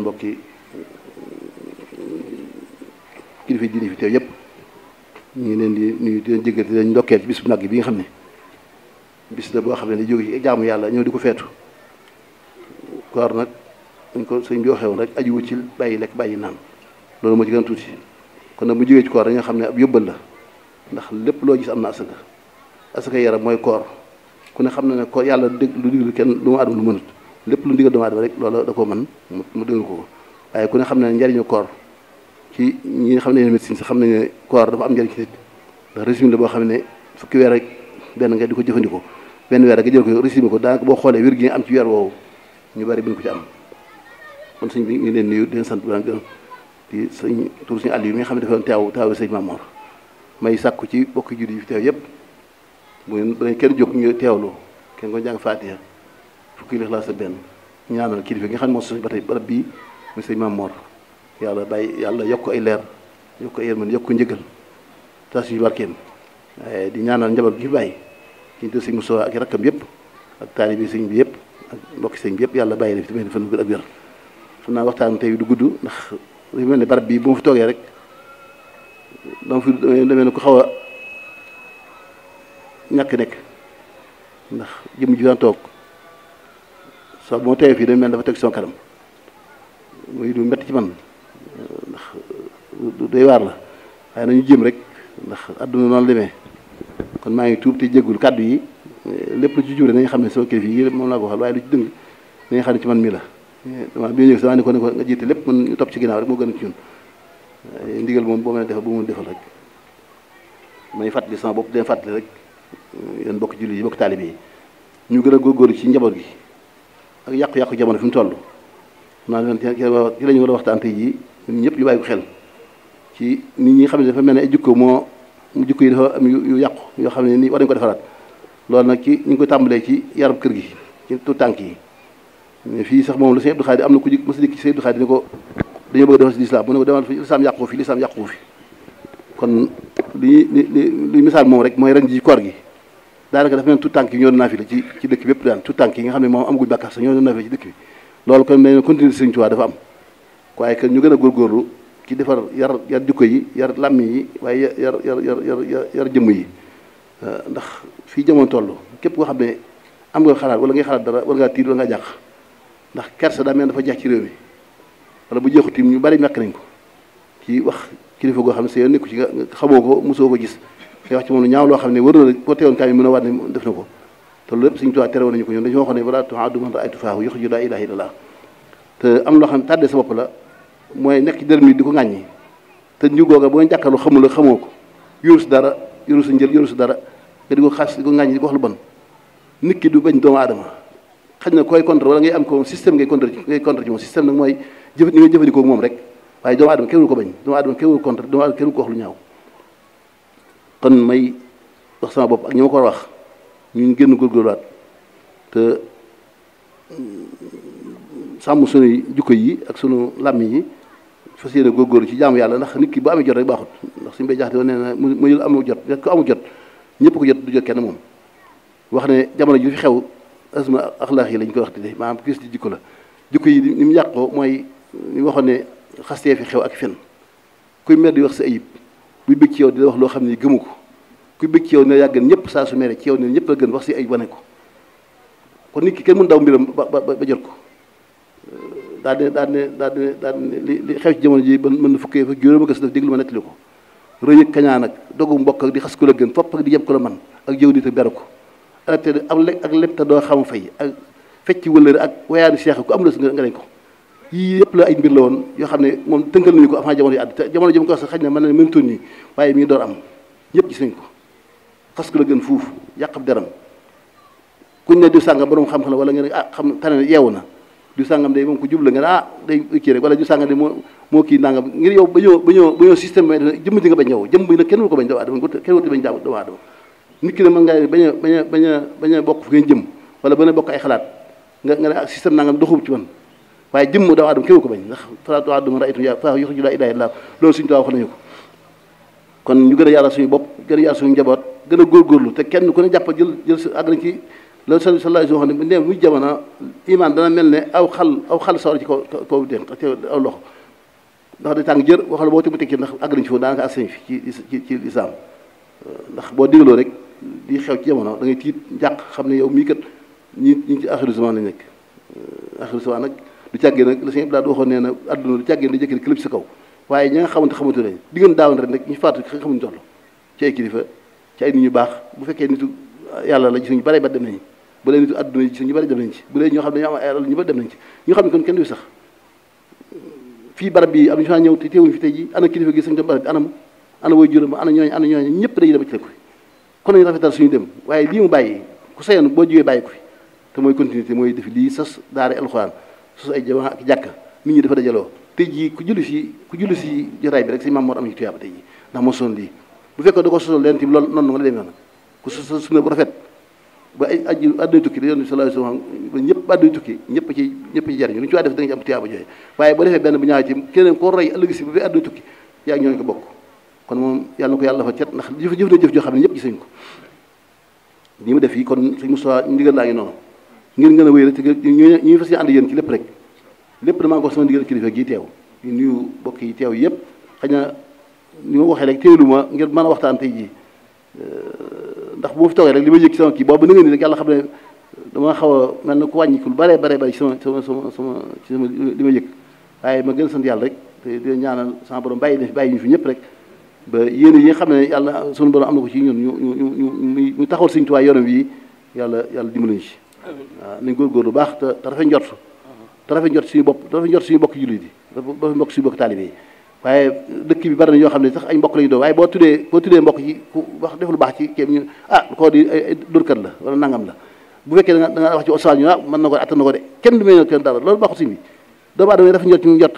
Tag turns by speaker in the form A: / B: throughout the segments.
A: suñu mbokki kilifa diine fi teew yëpp ñu ngi leen di nuyu di leen jéggal di leen ci bis bu nag bi nga xam ne bis la boo xam ne di jóge ci jaamu yàlla ñëw di ko feetu koor nag dañ ko sëñ bi waxee woon ci bàyyi lekk bàyyi naan loolu moo ci gën tuuti kon nag bu jógee ci koor da xam ne ab yóbbal la ndax lépp loo gis am na asaka asaka yaram mooy koor ku ne xam na ne koor yàlla dégg lu diglu kenn lu mu adama lu mënut lépp lu ndigal doomu aadama rek loola da ko mën mu dëggal ko waaye ku ne xam ne njariñu koor ci ñi nga xam ne médecine sax xam nañ ne koor dafa am njariñ ci nit ndax régime la boo xam ne fukki weer rek benn nga di ko jëfandikoo benn weer rek nga jël ko régime ko daanaka boo xoolee wér gi am ci weer woowu ñu bari buñ ko ci am kon sëñ bi ngi leen nuyu di leen sant bu gërëm di sëñ tur suñu àll yi mi nga xam ne dafa doon teew teew sëñ Mamour may sàkku ci bokki judi yëpp bu ngeen kenn jóg ñu teewlu kenn ko jàng Faatiha fukki lixlaas ak benn ñaanal kilifa nga xam ne moo sos ba tey barab bii muy sëñ Maam Mor yàlla bàyyi yàlla yokk ay leer yokk ay yërmande yokk njëgal tas yu barkeem waaye eh, di ñaanal njaboot gi fi bàyyi ci ñu sëñ Moussa ak rakkam yëpp ak taalibi sëñ bi yëpp ak mbokki sëñ bi yëpp yàlla bàyyi la fi tamit fan ak wér xam naa waxtaan tey du gudd ndax lu mel ne barab bii bu ma fi toogee rek dama fi demee ne ko xaw a ñàkk nekk ndax jëm ji daan toog so bu ma teewee fii day mel dafa teg soo kanam muy du métti ci man ndax day waar la waaye nañu jéem rek ndax àdduna noonu la demee kon maa ngi tuub te jéggul kàddu yi lépp lu ci jure nañ xam ne sama kilifa yi moom laa ko waxal waaye lu ci dëng nañ xam ne ci man mi la dama bi ñu ñëw sama ne ko ne ko nga jiite lépp man topp ci ginnaaw rek moo gën a ci ñun ndigal moom boo mën a defal bu mu defal rek may fàttali sama bopp dina fàttali rek yéen bokk yi bokk taalibe yi ñu gën a góorgóorlu ci njaboot gi ak yàqu-yàqu jamono fi mu toll naa leen ci la ñu war a waxtaan tey jii ñëpp ñu bàyyi xel ci nit ñi nga xam ne dafa mel ne ay jikko moo jikko yi dafa am yu yàqu yoo xam ne ni war nañu ko defaraat loolu nag ci ñu ngi koy tàmbalee ci yaram kër gi ci tout tànk yi fii sax moom lu Sëñ Abdou Khadre am na ku jik mos a dikk ci Sëñ Abdou Khadre ni ko dañoo bëgg defar si lislaam mu ne ko demal fi lislaam yàqu fi lislaam yàqu fi kon li li li misaal moom rek mooy rek ji koor gi daanaka dafa mel tout tànk yi ñoo doon la ci ci dëkk bépp daan tout tànk yi nga xam ne moom amaguñ bàkkaar sax ñoo doon naafile ci dëkk bi loolu kon mel ne continuer Sëriñ Tuubaa dafa am waaye kon ñu gën a góorgóorlu ci defar yar yar jikko yi yar làmm yi waaye yar yar yar yar yar jëmm yi euh, ndax fii jamono toll képp koo xam ne am nga xalaat wala ngay xalaat dara wala ngaa tiir wala ngaa jàq ndax kersa daa mel dafa jeex ci réew mi wala bu jeexut tiim ñu bari ñàkk nañ ko ci wax kilifa goo xam ne sa nekku ci nga xamoo ko mosoo ko gis kay wax ci moom lu ñaaw loo xam ne warul boo teewoon a ne def na ko te loolu lépp suñu tubaab tere woon nañu ko ñoom dañu waxoon ne wala am loo xam ne tàddee sa bopp la mooy nekk ci dërëm di ko ŋàññi te ñu googa boo jàkkaarlu xamul xamoo ko yoru dara yoru sa njël yoru si dara nga di ko xas di di ko wax lu bon nit ki du bañ doomu aadama xaj na koy contre wala ngay am ko système ngay contre ngay contre ci moom système nag mooy jëf ni ngay jëfandikoo moom rek waaye doomu aadama kenn ko bañ doomu aadama kenn contre doomu aadama kenn ko wax lu ñaaw kon may wax sama bopp ak ñi ma ko wax ñu génn góorgóorluwaat te mm, sàmm sunuy jukko yi ak sunu làmm yi fas yéene góorgóorlu ci yàlla ndax nit ki bu amee jot rek baaxut ndax suñu bay jaxte woon nee na mu yël jot ko amu jot ñëpp ko jot du jot kenn moom wax ne jamono ji fi xew asma axlaax yi lañ koy wax di de maanaam di jikko la jikko yi ni mu yàqoo mooy ñu waxoon ne xastee fi xew ak fen kuy mer di wax sa ayib kuy bëgg ci yow di la wax loo xam ne gëmu ko kuy bëgg ci yow ne yaa gën ñëpp saa su mere ci yow ne ñëpp la gën wax si ay wane ko kon nit ki kenn mën daw mbiram ba ba jël ko euh, daal di daal di daal di daal di li xew ci jamono ji mën na fukkee fa juróom ak def déglu ma nettali ko rëy ak kañaan ak dogu mbokk ak di xas ko la gën fopp ak di yem ko la man ak jëw nit ak beru ko ak leb ak leb te doo xam fay ak fecc wëllëre ak wayaani seex ku am la nga dañ ko yii yëpp la ay mbir la woon yoo xam ne moom tënkal nañu ko avant jamono yu àdd te ko sax xaj na mën na yi waaye mi ngi door am ñëpp gis nañ ko xas la gën fuuf yàqab deram kuñ ne diw sàngam borom xam-xam wala nga ne ah xam tane yeewu na diw sàngam ah, day moom ko jubla nga ne ah kii rek wala diw sàngam de moo moo kii nangam ngir yow ba ñëw ba ñëw ba ñëw système bi jëmm nga bañ yow jëmm bi nag ko bañ doomu aadama kenn wul nit ki ne mën ngaa bañ a bañ a bokk fu ngeen jëm wala bañ a bokk ay xalaat nga nga ne ak ah, système nangam doxub ci man waaye jëmm doomu aadama kéwu ko bañ ndax salaatu aadama raaytu yaa faa yox ju laa loolu suñu tuwaa wax nañu ko kon ñu gën a yàlla suñu bopp gën a yàlla suñu njaboot gën a góorgóorlu te kenn ku ne jàpp jël jël si àgg nañ ci loolu sal sallallahu alayhi wa muy jamono iman dana mel ne aw xal aw xal sawar ci kaw kaw dénk ci aw loxo ndax day tàng jër waxal boo ci mu tekki ndax a nañ ci foofu daanaka assañ fi ci ci ci lislaam ndax boo dégloo rek di xew ci jamono da tiit njàq xam ne yow mii kat ñi ñi ci axiru zaman lañ nekk axiru zaman nag du càggee nag la sëñ Abdoulaye waxoon nee na àdduna du càggee na jëkk ni ñu baax bu fekkee nitu yàlla la gis bare ba dem nañ bu dee nitu àdduna yi gis ñu bare dem nañ ci bu dee ñoo xam ne dañoo kenn du fii barab bi am ñu fa ñëw te teewuñ fi tey kilifa gi sëñ tam barab bi anam ana way juróom ana ñooñ ana ñooñ ñëpp dañuy dem ci lekk kon nañu rafetal suñu dem waaye lii mu bàyyi ku sayoon boo jógee bàyyi ko fi te mooy continuité mooy def lii sas daare alxuraan su ay jamaa ak jàkka nit ñi dafa dajaloo tey jii ku julli si ku julli si jotaay bi rek si maam Mor am ñu tuyaaba tey jii ndax moo sosoon lii bu fekkoon da ko sosoon leen tamit loolu noonu la demee noonu bu rafet ba ay aju àdduna tukki da yoon ñëpp àdduna tukki ñëpp ci ñëpp ci jariñu lu ñu ci waa def da nga ci am tuyaaba joxe waaye boo defee benn bu ñaaw ci keneen koo roy ëllëg si bu fi àdduna tukki yaa ngi ñooñu ko bokk kon moom yàlla ko yàlla fa cet ndax jëf jëf na jëf joo xam ne ñëpp gisañ ko ni mu def yi kon mu Musaa ndigal laa ngi noonu ngeen gën a wéy rek te ñu ñu fas yéene ànd yéen ci lépp rek lépp damaa ko sama digal kilifa gii teew ñu nuyu bokk yi teew yëpp xëy na ni ma waxee rek teelu ma ngir mën a waxtaan tey jii euh, ndax bu ma rek li ma yëg ci sama kii na ngeen ni rek yàlla xam ne dama xaw a mel na ku wàññiku lu bare bare bare ci sama sama sama sama ci sama li ma yëg waaye ma gën a yàlla rek te di ñaanal sama borom fi ñëpp rek ba yéen yi xam ne yàlla sunu borom am na ko ci ñun ñu ñu ñu muy taxawal suñu tuwaay yoram wi yàlla yàlla dimbali ñu ci waaw góor góorgóorlu baax te te rafet njort te rafet njort suñu bopp te rafet njort suñu bokk jullit yi rafet mbokk suñu bokk taalibe yi waaye dëkk bi bari na xam ne sax ay mbokk lañu waaye boo tuddee boo tuddee mbokk yi ku lu baax ci kéem ah koo di ay durkat la wala nangam la bu fekkee da nga wax ci osal ñu ah mën na ko attan na ko kenn du may na kenn dara loolu baaxul suñ bi doomu aadama rafet njort ñu njort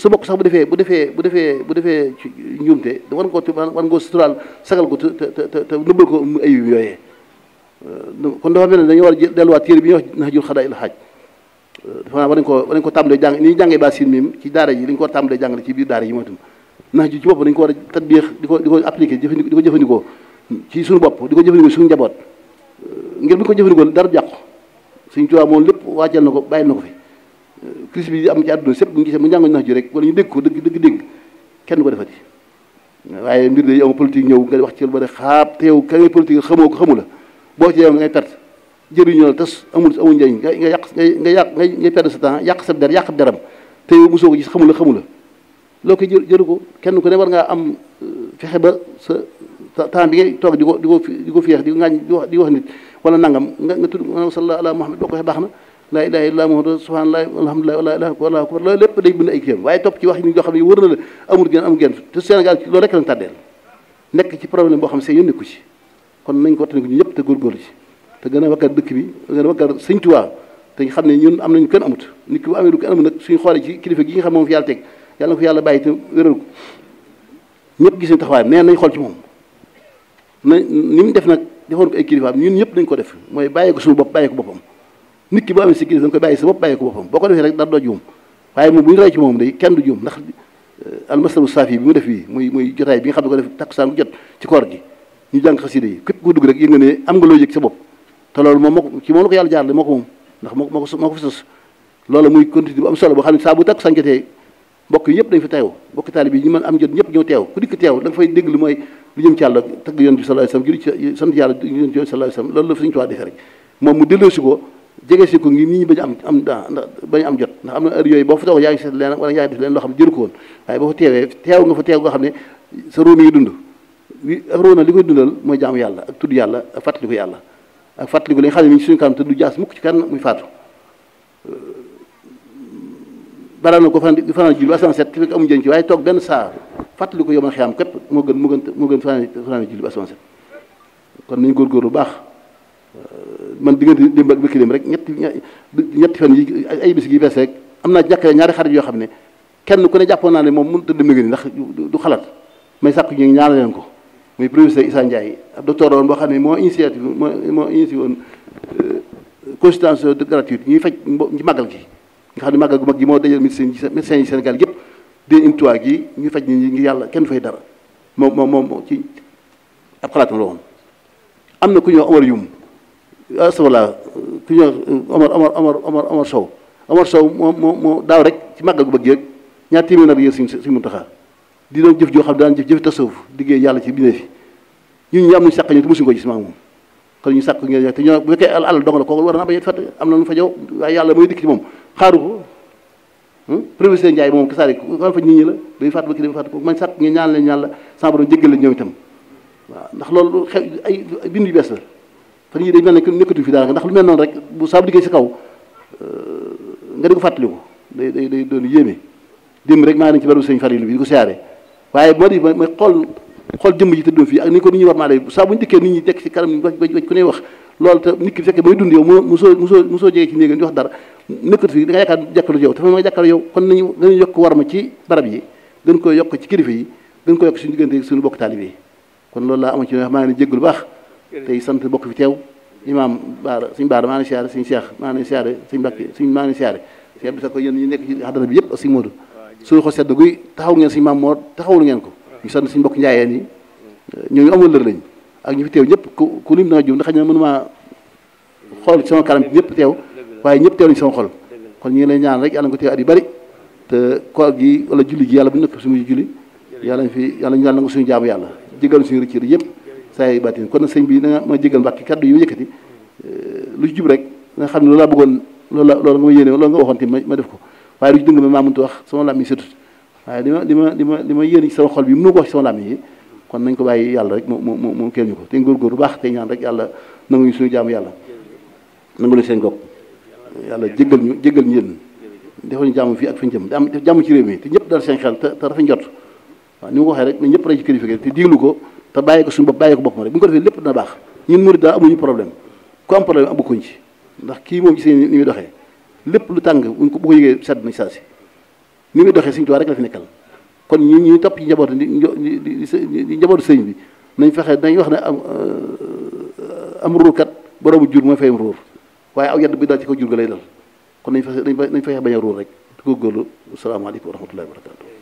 A: sa sax bu defee bu defee bu defee bu defee njuumte war nga ko war nga ko suturaal sagal ko te te te nëbbal ko ayu yooyee Euh, kon dafa mel ne dañu war a delluwaat téere bi ñuy wax nax jul xadaa il xaaj euh, dafa naa war nañ ko war nañ ko tàmbalee jàng ni jàngee ba sin miim ci daara ji li ko war tàmbalee jàngale ci biir daara yi mooy tam nax ju ci bopp dañu ko war a tatbiix di ko di ko appliqué di ko jëfandikoo ci suñu bopp di ko jëfandikoo suñu njaboot euh, ngir bu ñu ko jëfandikoo dara jàqu suñu tuwaa lépp waajal na ko bàyyil na ko fi crise bi am ci àdduna sépp bu ñu gisee mu jàngoñ nax ju rek wala ñu dégg ko dëgg dëgg dégg kenn ko defati waaye mbir day am politique ñëw nga wax ci lu bari xaab teew ka ngay politique xamoo ko xamu la boo ci yow ngay perte jëriñoo la tas amul amul njëriñ nga nga yàq ngay nga yàq ngay ngay sa temps yàq sa der yàq deram te yow mosoo ko gis xamula xamula loo ko koy jëru ko kenn ku ne war ngaa am euh, fexe ba sa temps bi ngay toog di ko di ko di ko di wax di wax nit wala nangam nga nga tudd ma salla ala muhammad boo ko waxee baax na laa ilaha illa muhammad lépp day waaye topp ci wax ni yoo xam ne wër na la tàddeel nekk ci problème boo xam see yónneeku ci kon nañ ko wattandiku ñëpp te góorgóorlu ci te gën a wakkaat dëkk bi gën a wakkaat sëñ Tuubaa te xam ne ñun am nañu kenn amut nit ki bu amee lu kenn amut xoolee ci kilifa gi nga xam moom fi yàlla teg yàlla na ko yàlla bàyyi te wéral ko nee nañ xool ci moom na ni mu def nag defoon ko ay kilifaam ñun ñëpp nañ ko def mooy bàyyi ko suñu bopp bàyyi ko boppam nit ki bu amee si kilifa dañ koy bàyyi sa bopp bàyyi ko boppam boo ko defee rek dara doo juum waaye moom bu ñu rey ci moom day kenn du juum ndax euh, almasalu saafi bi mu def fii muy muy jotaay bi nga xam ne ko def takkusaan bu jot ci koor gi ñu jàng xasida yi képp ko dugg rek yëg nga ne am nga loo yëg sa bopp te loolu moom boo xam ne saa bu takk sanjotee mbokk yi yëpp dañ fa teew mbokk taalib yi ñu mën am mu delloosi ko jege si ko ngi nit ñi bañ am am da bañ am jot ndax am na heure yooyu boo fa toog yaa ngi seet leen wala yaa ngi loo xam jëru ko waaye boo fa teewee teew nga fa teew nga xam ne sa róom yi dund ak roona li koy dundal mooy jaamu yàlla ak tudd yàlla ak fàttaliku yàlla ak fàttaliku li nga xam ne mi ngi suñu kanam te du jaas mukk ci kenn muy faatu euh, balaa na ko fanaan di fanaan julli asan set fekk amu jën waaye toog benn saa fàttaliku yow man xiyam képp moo gën moo gën moo gën fanaan fanaan julli asan set kon nañu góor bu baax euh, man diggante démb ak bëkki démb rek ñetti ñetti fan yi ay bis gi bees rek am naa ñàkk ñaari xarit yoo xam ne kenn ku ne jàppoon naa ne moom mënut a dem na ndax du xalaat may sàkk ñu ñaanal leen ko muy professeur Issa Ndiaye ab docteur woon boo xam ne moo initiative moo moo initié woon euh, consultation gratuite ñuy faj ci màggal gi nga xam ne màggal gu mag gi moo dajal médecin médecin yi Sénégal yëpp de imtuwaa gi ñuy faj ni ñi ngi yàlla kenn fay dara moom moom moom ci ab xalaatam na ku ñuy wax Omar Youm astafurlah ku moo moo moo daaw rek ci màggal gu mag gi rek ñaar téeméer na bi yéen suñ suñ di doon jëf joo xam daan jëf jëf tasawuf liggéey yàlla ci bindee fi ñun ñu am nañu sàq ñu te mosuñu ko gis maam moom kon ñu sàq ngeen te ñoo bu fekkee àll dong la kooku war a fàtte am na lu fa jaw waaye yàlla mooy dikk ci moom xaaru ko hmm? professeur Ndiaye moom kasaare war fa la day fàtt ba kii day fàtt ko man sàq ngeen ñaan leen ñaan la la ñoom itam waaw ndax loolu xew ay bind yu bees la fan yii day mel ne nekkatu fi daanaka ndax lu mel noonu rek bu saabu liggéey si kaw euh, nga di ko fàttaliku day day day doon yéeme démb rek maa ngi ci barabu sëñ Falilu bi di ko siyaare waaye moo di mooy xool xool jëmm ji tëddoo fii ak ni ko nit ñi war maa lay saa bu ñu dikkee nit ñi teg ci kanam ñu waj waj ku ne wax loolu te nit ki fekkee mooy dund yow mu musoo musoo musoo jege ci néegam di wax dara nekkat fii da nga yaakaar jàkkaarloo yow dafa ma jàkkaarloo yow kon nañu a yokk war ma ci barab yi gën koy yokk ci kilifa yi gën koy yokk suñu diggante suñu bokk taalibe kon loolu laa ama ci wax maa ngi leen jéggalu baax tey sant bokk fi teew imaam baara suñ baara maa ngi siyaare suñ seex maa ngi siyaare suñ mbàkke suñ maa ngi siyaare seex bi sa yëpp ak suñ moodu suñu xol sedd guy taxaw ngeen suñu maam moo taxawul ngeen ko ñu sant suñu mbokk njaayeen yi ñooñu amul lër lañ ak ñu fi teew ñëpp ku ku lim da nga jum ndax xool ci sama ñëpp teew waaye ñëpp teew nañ sama kon ñu ngi ñaan rek yàlla nga ko teew at yu gi wala julli yàlla bu nekk suñu julli yàlla ñu fi yàlla ñu yàlla nga suñu yàlla jégal suñu rëcc yëpp saa yi baatin kon sëñ bi danga ma jégal mbàkki kaddu yu yëkkati lu jub rek na xam ne loolu laa bëggoon loolu la loolu nga ma yéene loolu nga waxoon ma def ko waaye lu ci dëng ma maa mënut wax sama làmmiñ surtout waaye li ma li ma li ma li ma yéene ci sama xol bi mënu ko wax ci sama làmmiñ yi kon nañ ko bàyyi yàlla rek mu mu mu keel ñu ko te góorgóor bu baax te ñaan rek yàlla nanguñu suñu jaamu yàlla nangu lu seen gopp yàlla jéggal ñu jéggal ñu yéen defal jàmm fii ak fi ñu jëm am jàmm ci réew mi te ñëpp dal seen xel te te rafet jot waaw ni ma ko waxee rek ne ñëpp rek ci kilifa te diilu ko te bàyyi ko suñu bopp bàyyi ko boppam rek ko lépp dina baax ñun murid daa amuñu problème ku am problème amu ko ci ndax kii moom gisee muy doxee lépp lu tàng buñ ko bu ko yëgee sedd na saa si ni muy doxee sëñ Tuubaa rek la fi nekkal kon ñu ñuy topp njabootu di njabootu sëñ bi nañ fexe dañ wax ne am euh, am ruur kat boroomu jur mooy fayam ruur waaye aw yadd bi daal ci ko jur ga lay dal kon nañ fexe nañ fexe bañ a rek te góorgóorlu asalaamaaleykum wa rahmatullahi wa barakatu